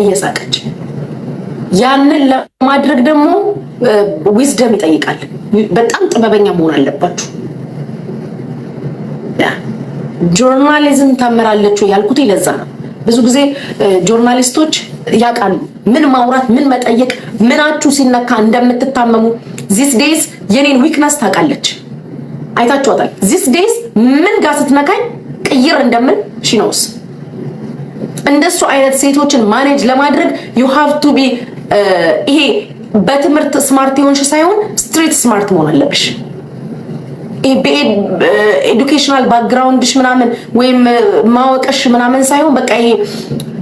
እየሳቀች። ያንን ለማድረግ ደግሞ ዊዝደም ይጠይቃል። በጣም ጥበበኛ መሆን አለባችሁ። ጆርናሊዝም ታመራለች ያልኩት ይለዛ ነው። ብዙ ጊዜ ጆርናሊስቶች ያውቃሉ ምን ማውራት፣ ምን መጠየቅ፣ ምናችሁ ሲነካ እንደምትታመሙ። ዚስ ዴይዝ የኔን ዊክነስ ታውቃለች፣ አይታችኋታል። ዚስ ዴይዝ ምን ጋር ስትነካኝ ቅይር እንደምን ነውስ እንደሱ አይነት ሴቶችን ማኔጅ ለማድረግ ዩ ሃቭ ቱ ቢ ይሄ በትምህርት ስማርት የሆንሽ ሳይሆን ስትሪት ስማርት መሆን አለብሽ። uh, ኤዱኬሽናል ባክግራውንድሽ ምናምን ወይም ማወቀሽ ምናምን ሳይሆን በቃ ይሄ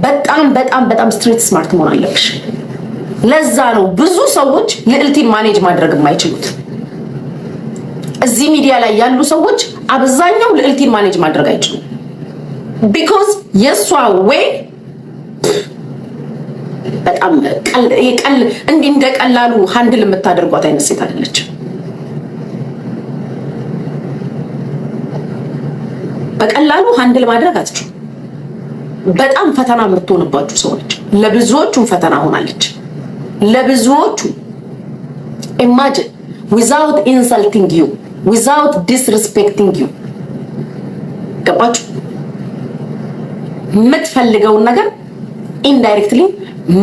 በጣም በጣም በጣም ስትሪት ስማርት መሆን አለብሽ። ለዛ ነው ብዙ ሰዎች ልዕልቲን ማኔጅ ማድረግ የማይችሉት። እዚህ ሚዲያ ላይ ያሉ ሰዎች አብዛኛው ልዕልቲን ማኔጅ ማድረግ አይችሉም። ቢኮዝ የእሷ ወይ በጣም እንዲህ እንደ ቀላሉ ሀንድል የምታደርጓት አይነት ሴት አይደለችም። በቀላሉ ሀንድል ማድረግ አትችሉ። በጣም ፈተና የምትሆንባችሁ ሰዎች፣ ለብዙዎቹም ፈተና ሆናለች። ለብዙዎቹ ኢማጅን ዊዛውት ኢንሰልቲንግ ዩ ዊዛውት ዲስሪስፔክቲንግ ዩ ገባችሁ? የምትፈልገውን ነገር ኢንዳይሬክትሊ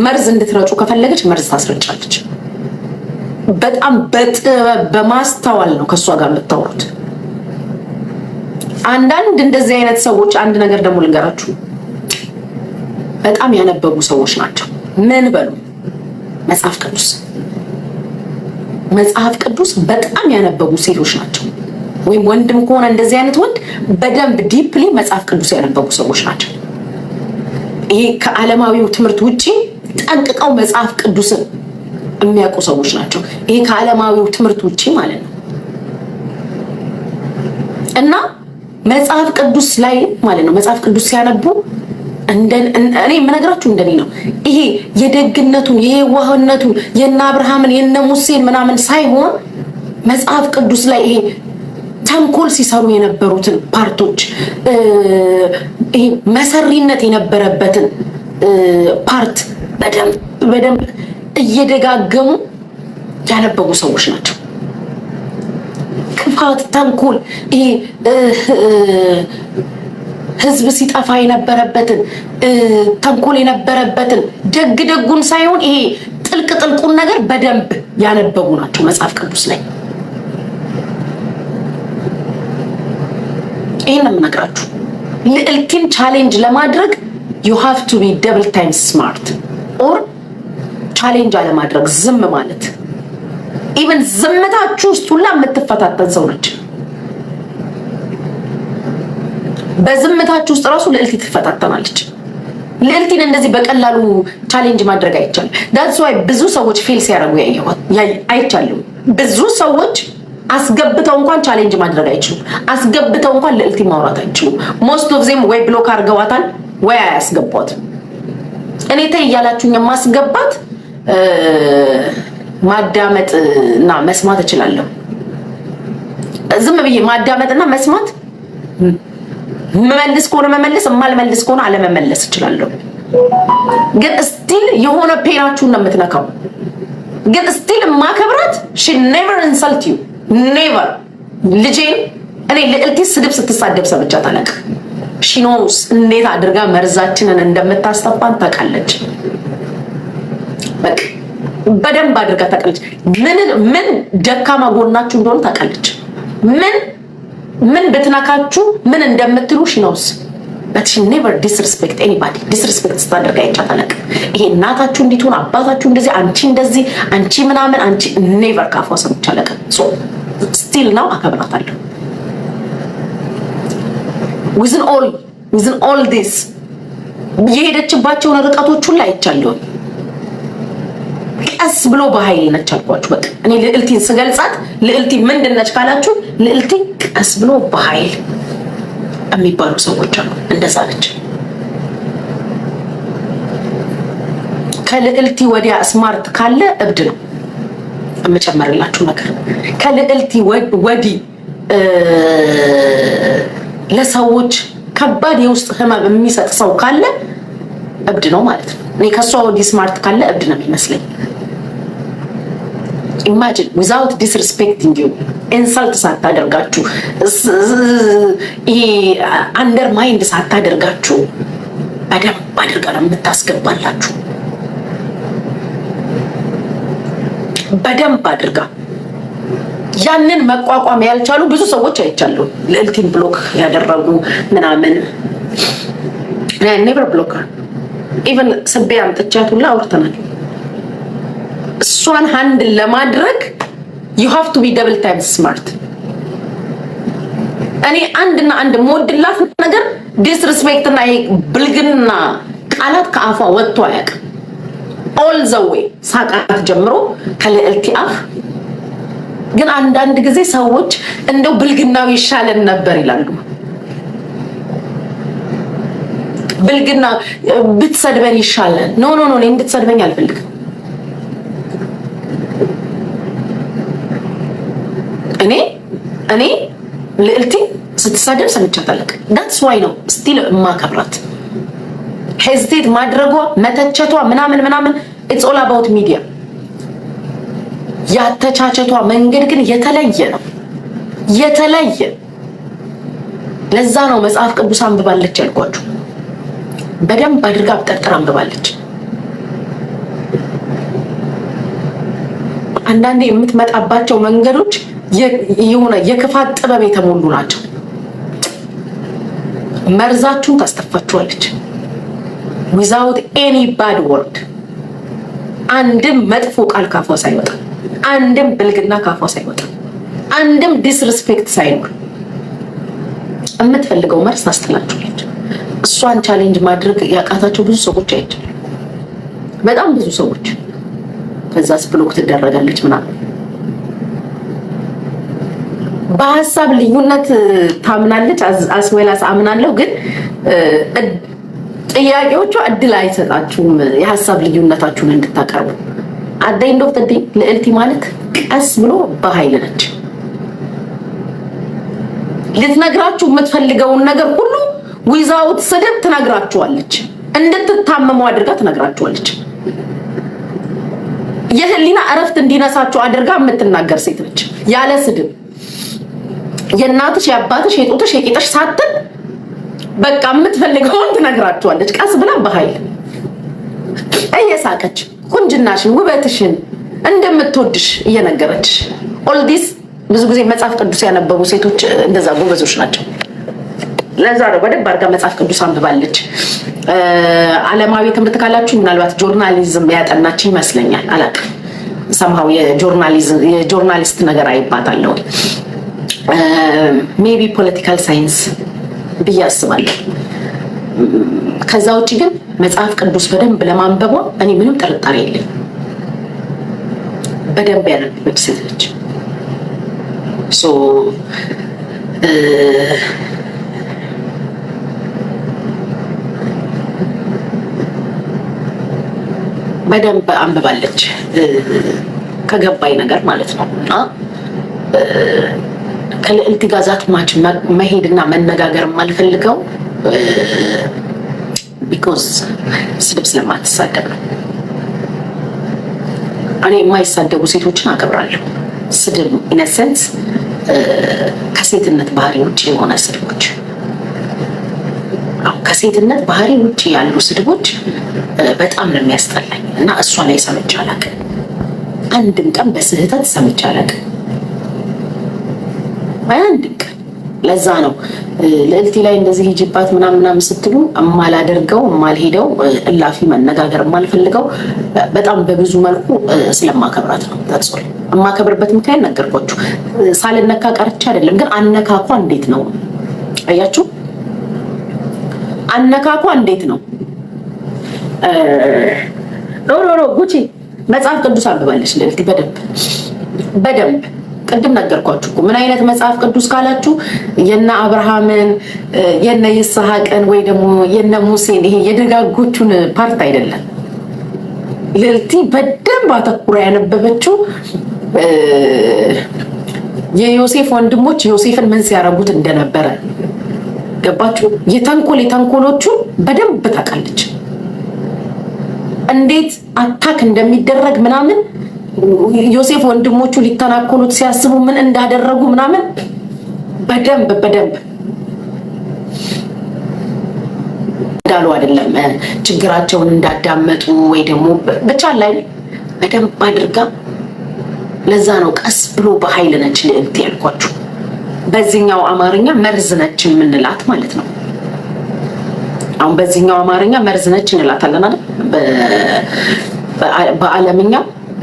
መርዝ እንድትረጩ ከፈለገች መርዝ ታስረጫለች። በጣም በጥበብ በማስተዋል ነው ከእሷ ጋር የምታወሩት። አንዳንድ እንደዚህ አይነት ሰዎች አንድ ነገር ደግሞ ልንገራችሁ፣ በጣም ያነበቡ ሰዎች ናቸው። ምን በሉ መጽሐፍ ቅዱስ መጽሐፍ ቅዱስ በጣም ያነበቡ ሴቶች ናቸው። ወይም ወንድም ከሆነ እንደዚህ አይነት ወንድ በደንብ ዲፕሊ መጽሐፍ ቅዱስ ያነበቡ ሰዎች ናቸው። ይሄ ከዓለማዊው ትምህርት ውጪ ጠንቅቀው መጽሐፍ ቅዱስን የሚያውቁ ሰዎች ናቸው። ይሄ ከዓለማዊው ትምህርት ውጪ ማለት ነው እና መጽሐፍ ቅዱስ ላይ ማለት ነው መጽሐፍ ቅዱስ ሲያነቡ እኔ የምነግራችሁ እንደኔ ነው። ይሄ የደግነቱን የዋህነቱን የነ አብርሃምን የነ ሙሴን ምናምን ሳይሆን መጽሐፍ ቅዱስ ላይ ይሄ ተንኮል ሲሰሩ የነበሩትን ፓርቶች መሰሪነት የነበረበትን ፓርት በደንብ እየደጋገሙ ያነበቡ ሰዎች ናቸው። ክፋት፣ ተንኮል ህዝብ ሲጠፋ የነበረበትን ተንኮል የነበረበትን ደግ ደጉን ሳይሆን ይሄ ጥልቅ ጥልቁን ነገር በደንብ ያነበቡ ናቸው መጽሐፍ ቅዱስ ላይ ይህን የምነግራችሁ ልዕልቲን ቻሌንጅ ለማድረግ ዩ ሃቭ ቱ ቢ ደብል ታይም ስማርት ኦር ቻሌንጅ አለማድረግ ዝም ማለት ኢቨን ዝምታችሁ ውስጥ ሁላ የምትፈታተን ሰው ነች። በዝምታችሁ ውስጥ እራሱ ልዕልቲ ትፈታተናለች። ልዕልቲን እንደዚህ በቀላሉ ቻሌንጅ ማድረግ አይቻልም። ዳትስ ዋይ ብዙ ሰዎች ፌል ሲያደርጉ አይቻለሁ። ብዙ ሰዎች አስገብተው እንኳን ቻሌንጅ ማድረግ አይችሉም። አስገብተው እንኳን ልዕልት ማውራት አይችሉም። ሞስት ኦፍ ዜም ወይ ብሎክ አድርገዋታል ወይ አያስገቧትም። እኔ ተይ እያላችሁኝ ማስገባት ማዳመጥ እና መስማት እችላለሁ። ዝም ብዬ ማዳመጥና መስማት መመልስ ከሆነ መመለስ፣ የማልመልስ ከሆነ አለመመለስ እችላለሁ። ግን ስቲል የሆነ ፔናችሁን ነው የምትነካው። ግን ስቲል ማከብራት ሺ ኔቨር ኢንሰልት ዩ ኔቨር ልጄን እኔ ልዕልቴ ስድብ ስትሳደብ ሰምቻት አላውቅም። ሺኖስ እንዴት አድርጋ መርዛችንን እንደምታስተፋን ታውቃለች። በቃ በደንብ አድርጋ ታውቃለች። ምን ምን ደካማ ጎናችሁ እንደሆነ ታውቃለች። ምን ምን ብትነካችሁ ምን እንደምትሉ ሺኖስ በትሽ ኔቨር ዲስሪስፔክት ኤኒባዲ ዲስሪስፔክት ስታደርግ አይቻት አላውቅም። ይሄ እናታችሁ እንዲት ሆን አባታችሁ እንደዚህ አንቺ እንደዚህ አንቺ ምናምን አንቺ ኔቨር ካፏ ሰምቼ አላውቅም። ሶ ስቲል ነው አከብራታለሁ። ዊዝን ኦል ዊዝን ኦል ዲስ የሄደችባቸውን ርቀቶች ሁሉ አይቻለሁ። ቀስ ብሎ በኃይል ነች አልኳችሁ። በቃ እኔ ልዕልቲን ስገልጻት ልዕልቲ ምንድን ነች ካላችሁ ልዕልቲ ቀስ ብሎ በኃይል የሚባሉ ሰዎች አሉ። እንደዛ ነች። ከልዕልቲ ወዲያ ስማርት ካለ እብድ ነው። የምጨመርላችሁ ነገር ከልዕልቲ ወዲህ ለሰዎች ከባድ የውስጥ ህመም የሚሰጥ ሰው ካለ እብድ ነው ማለት ነው። እኔ ከእሷ ወዲህ ስማርት ካለ እብድ ነው የሚመስለኝ። ኢማጂን ዊዛውት ዲስሪስፔክቲንግ ዩ ኢንሰልት ሳታደርጋችሁ ይሄ አንደር uh, ማይንድ ሳታደርጋችሁ በደንብ አድርጋ ነው የምታስገባላችሁ። በደንብ አድርጋ ያንን መቋቋም ያልቻሉ ብዙ ሰዎች አይቻሉ። ልዕልቲን ብሎክ ያደረጉ ምናምን ኔቨር ብሎክ ኢቨን ስቤ አምጥቻት ሁላ አውርተናል። እሷን ሀንድል ለማድረግ ዩ ሃቭ ቱ ቢ ደብል ታይም ስማርት። እኔ አንድና አንድ የምወድላት ነገር ዲስሪስፔክት እና ብልግና ቃላት ከአፏ ወጥቶ አያውቅም። ኦል ዘ ዘዌ ሳቃት ጀምሮ ከልዕልቲ አፍ ግን አንዳንድ ጊዜ ሰዎች እንደው ብልግናው ይሻለን ነበር ይላሉ። ብልግና ብትሰድበን ይሻለን። ኖ ኖ ኖ፣ እንድትሰድበኝ አልፈልግም። እኔ እኔ ልዕልቴ ስትሳደብ ሰምቻት ዳትስ ዋይ ነው ስቲል እማከብራት። ሄዝቴት ማድረጓ መተቸቷ ምናምን ምናምን ኢትስ ኦል አባውት ሚዲያ። ያተቻቸቷ መንገድ ግን የተለየ ነው የተለየ። ለዛ ነው መጽሐፍ ቅዱስ አንብባለች ያልኳችሁ። በደንብ አድርጋ አብጠርጥራ አንብባለች። አንዳንዴ የምትመጣባቸው መንገዶች የሆነ የክፋት ጥበብ የተሞሉ ናቸው። መርዛችሁን ታስተፋችኋለች። ዊዛውት ኤኒ ባድ ወርድ አንድም መጥፎ ቃል ካፏ ሳይወጣ፣ አንድም ብልግና ካፏ ሳይወጣ፣ አንድም ዲስሪስፔክት ሳይኖር የምትፈልገው መርዝ ታስተላችኋለች። እሷን ቻሌንጅ ማድረግ ያቃታቸው ብዙ ሰዎች አይችል፣ በጣም ብዙ ሰዎች። ከዛስ ብሎክ ትደረጋለች ምናምን በሀሳብ ልዩነት ታምናለች አስወላስ አምናለሁ። ግን ጥያቄዎቿ እድል አይሰጣችሁም የሀሳብ ልዩነታችሁን እንድታቀርቡ። አደይ እንደው ልዕልቲ ማለት ቀስ ብሎ በኃይል ነች። ልትነግራችሁ የምትፈልገውን ነገር ሁሉ ዊዛውት ስድብ ትነግራችኋለች። እንድትታመሙ አድርጋ ትነግራችኋለች። የህሊና እረፍት እንዲነሳችሁ አድርጋ የምትናገር ሴት ነች ያለ ስድብ የእናትሽ የአባትሽ የጡትሽ የቂጥሽ ሳትን በቃ የምትፈልገውን ትነግራችኋለች። ቀስ ብላ በኃይል እየሳቀች ቁንጅናሽን፣ ውበትሽን እንደምትወድሽ እየነገረች ኦልዲስ ብዙ ጊዜ መጽሐፍ ቅዱስ ያነበቡ ሴቶች እንደዛ ጎበዞች ናቸው። ለዛ ነው በደንብ አድርጋ መጽሐፍ ቅዱስ አንብባለች። አለማዊ ትምህርት ካላችሁ ምናልባት ጆርናሊዝም ያጠናች ይመስለኛል። አላቅም ሰምሃው የጆርናሊስት ነገር አይባታለሁ ሜቢ ፖለቲካል ሳይንስ ብዬ አስባለሁ። ከዛ ውጭ ግን መጽሐፍ ቅዱስ በደንብ ለማንበቧ እኔ ምንም ጥርጣሬ የለኝ። በደንብ ያነበበች ሴት ነች። በደንብ አንብባለች ከገባኝ ነገር ማለት ነው እና ከልዕልት ጋር ዛት ማች መሄድና መነጋገር የማልፈልገው ቢኮዝ ስድብ ስለማትሳደብ ነው። እኔ የማይሳደቡ ሴቶችን አከብራለሁ። ስድብ ኢነሰንስ ከሴትነት ባህሪ ውጭ የሆነ ስድቦች ከሴትነት ባህሪ ውጭ ያሉ ስድቦች በጣም ነው የሚያስጠላኝ እና እሷ ላይ ሰምቼ አላውቅም። አንድም ቀን በስህተት ሰምቼ አላውቅም። በአንድ ቀን ለዛ ነው ልዕልቲ ላይ እንደዚህ ሂጅባት ምናምን ምናምን ስትሉ እማላደርገው እማልሄደው እላፊ መነጋገር እማልፈልገው በጣም በብዙ መልኩ ስለማከብራት ነው። ተጽል የማከብርበት ምክንያት ነገርኳችሁ። ሳልነካ ቀርቼ አይደለም፣ ግን አነካኳ እንዴት ነው አያችሁ? አነካኳ እንዴት ነው? ኖ ጉቺ መጽሐፍ ቅዱስ አንብባለች ልዕልቲ በደንብ በደንብ ቅድም ነገርኳችሁ እኮ ምን አይነት መጽሐፍ ቅዱስ ካላችሁ የነ አብርሃምን የነ ይስሐቅን ወይ ደግሞ የነ ሙሴን ይሄ የደጋጎቹን ፓርት አይደለም። ልዕልቲ በደንብ አተኩራ ያነበበችው የዮሴፍ ወንድሞች ዮሴፍን ምን ሲያረጉት እንደነበረ ገባችሁ? የተንኮል የተንኮሎቹ በደንብ ታውቃለች፣ እንዴት አታክ እንደሚደረግ ምናምን ዮሴፍ ወንድሞቹ ሊተናኮሉት ሲያስቡ ምን እንዳደረጉ ምናምን በደንብ በደንብ እንዳሉ አይደለም ችግራቸውን እንዳዳመጡ ወይ ደግሞ ብቻ ላይ በደንብ አድርጋ ለዛ ነው ቀስ ብሎ በኃይል ነች ልዕልት ያልኳችሁ። በዚህኛው አማርኛ መርዝ ነች የምንላት ማለት ነው። አሁን በዚህኛው አማርኛ መርዝ ነች እንላታለን አይደል? በአለምኛ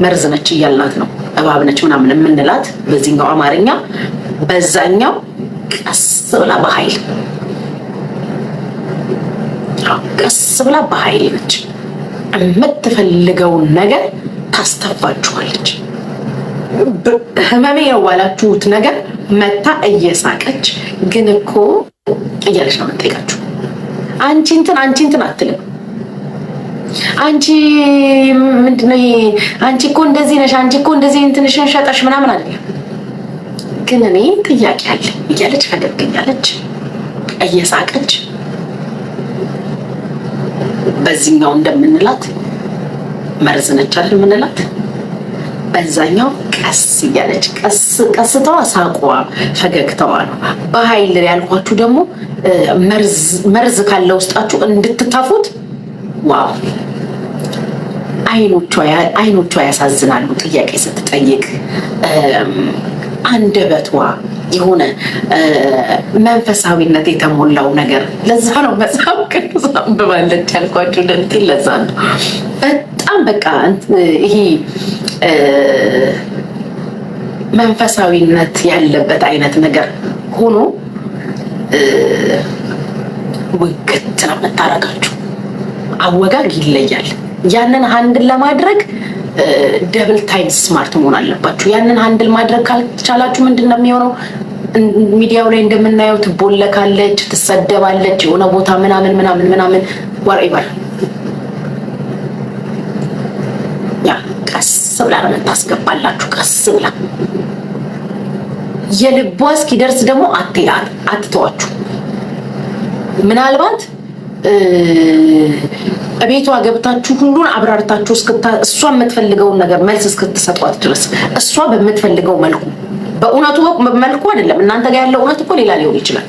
መርዝ ነች እያልናት ነው። እባብ ነች ምናምን የምንላት በዚህኛው አማርኛ፣ በዛኛው ቀስ ብላ በኃይል ቀስ ብላ በኃይል ነች። የምትፈልገውን ነገር ታስተፋችኋለች። ህመሜ የዋላችሁት ነገር መታ እየሳቀች ግን እኮ እያለች ነው የምጠይቃችሁ። አንቺ እንትን አንቺ እንትን አትልም አንቺ ምንድን ነው ይሄ? አንቺ እኮ እንደዚህ ነሽ፣ አንቺ እኮ እንደዚህ እንትንሽን ሸጠሽ ምናምን አለ። ግን እኔ ጥያቄ አለ እያለች ፈገግኛለች፣ እየሳቀች በዚህኛው እንደምንላት መርዝ ነች አይደል የምንላት በዛኛው ቀስ እያለች ቀስ ቀስተዋ ሳቁዋ ፈገግተዋ ነው። በኃይል ያልኳችሁ ደግሞ መርዝ ካለ ውስጣችሁ እንድትታፉት ዋው አይኖቿ ያሳዝናሉ። ጥያቄ ስትጠይቅ አንደበቷ የሆነ መንፈሳዊነት የተሞላው ነገር። ለዛ ነው መጽሐፍ ቅዱስ አንብባለች ያልኳቸው ደንቲ። ለዛ ነው በጣም በቃ ይሄ መንፈሳዊነት ያለበት አይነት ነገር ሆኖ ውግት ነው የምታረጋችሁ። አወጋግ ይለያል። ያንን ሀንድል ለማድረግ ደብል ታይም ስማርት መሆን አለባችሁ። ያንን ሀንድል ማድረግ ካልቻላችሁ ምንድን ነው የሚሆነው? ሚዲያው ላይ እንደምናየው ትቦለካለች፣ ትሰደባለች፣ የሆነ ቦታ ምናምን ምናምን ምናምን ወሬባል ያ ቀስ ብላ ነው ታስገባላችሁ። ቀስ ብላ የልቧ እስኪደርስ ደግሞ አትተዋችሁ ምናልባት ቤቷ ገብታችሁ ሁሉን አብራርታችሁ እሷ የምትፈልገውን ነገር መልስ እስክትሰጧት ድረስ እሷ በምትፈልገው መልኩ በእውነቱ መልኩ አይደለም። እናንተ ጋር ያለው እውነት እኮ ሌላ ሊሆን ይችላል።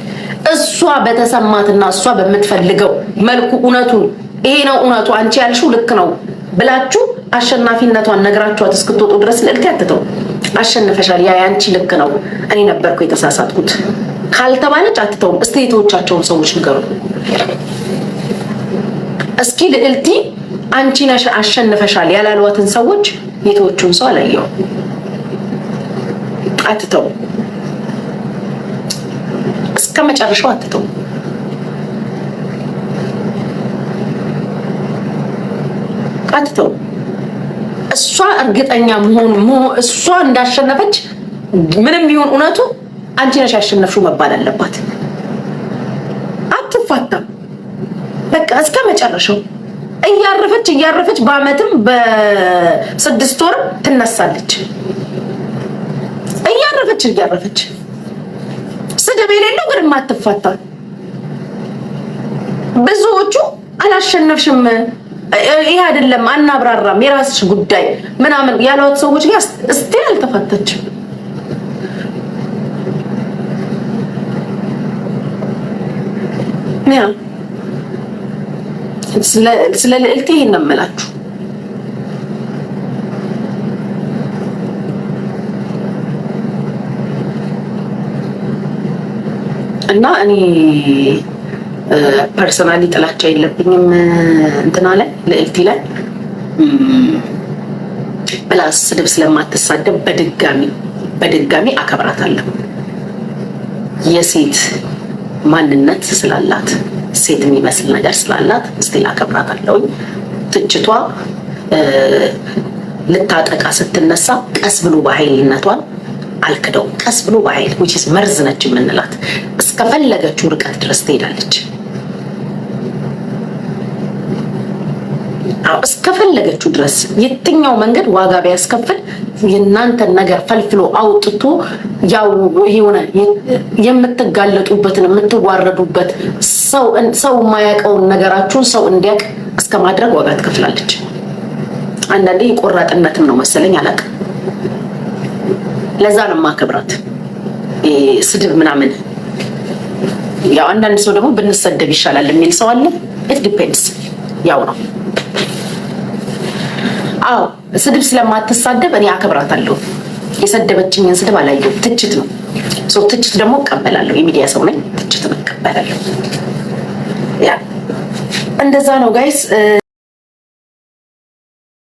እሷ በተሰማትና እሷ በምትፈልገው መልኩ እውነቱን ይሄ ነው እውነቱ፣ አንቺ ያልሽው ልክ ነው ብላችሁ አሸናፊነቷን ነግራችኋት እስክትወጡ ድረስ ልዕልት ያትተው አሸንፈሻል፣ ያ ያንቺ ልክ ነው፣ እኔ ነበርኩ የተሳሳትኩት ካልተባለች አትተውም። እስቴቶቻቸውን ሰዎች ንገሩ። እስኪ ልዕልቲ አንቺ አሸንፈሻል ያላሏትን ሰዎች የትዎቹን ሰው አላየው አትተው እስከ መጨረሻው አትተው። አትተው እሷ እርግጠኛ መሆን እሷ እንዳሸነፈች ምንም ቢሆን እውነቱ አንቺ ነሽ ያሸነፍሽው መባል አለባት። አትፋታም። እስከ መጨረሻው እያረፈች እያረፈች በአመትም በስድስት ወር ትነሳለች። እያረፈች እያረፈች ስድብ የሌለው ግን ማትፋታ ብዙዎቹ አላሸነፍሽም፣ ይህ አይደለም፣ አናብራራም፣ የራስሽ ጉዳይ ምናምን ያሏት ሰዎች ጋር እስቲል አልተፋታችም። ያ ስለ ልዕልቴ ይሄን ነው የምላችሁ። እና እኔ ፐርሰናሊ ጥላቻ የለብኝም እንትና ላይ ልዕልቴ ላይ ፕላስ ስድብ ስለማትሳደብ በድጋሚ በድጋሚ አከብራታለሁ የሴት ማንነት ስላላት ሴት የሚመስል ነገር ስላላት ስቲል አከብራታለሁ። ትችቷ ልታጠቃ ስትነሳ ቀስ ብሎ በኃይልነቷን አልክደው። ቀስ ብሎ በኃይል መርዝ ነች የምንላት እስከፈለገችው ርቀት ድረስ ትሄዳለች። እስከፈለገችው ድረስ የትኛው መንገድ ዋጋ ቢያስከፍል የእናንተን ነገር ፈልፍሎ አውጥቶ ያው የሆነ የምትጋለጡበትን የምትዋረዱበት ሰው የማያውቀውን ነገራችሁን ሰው እንዲያውቅ እስከ ማድረግ ዋጋ ትከፍላለች። አንዳንዴ የቆራጥነትም ነው መሰለኝ አላውቅም። ለዛ ነው ማከብራት። ስድብ ምናምን ያው አንዳንድ ሰው ደግሞ ብንሰደብ ይሻላል የሚል ሰው አለ። ኢት ዲፔንድስ ያው ነው። አዎ ስድብ ስለማትሳደብ እኔ አከብራታለሁ። የሰደበችኝን ስድብ አላየሁም። ትችት ነው። ትችት ደግሞ እቀበላለሁ። የሚዲያ ሰው ነኝ። ትችትን እቀበላለሁ። ያ እንደዛ ነው ጋይስ።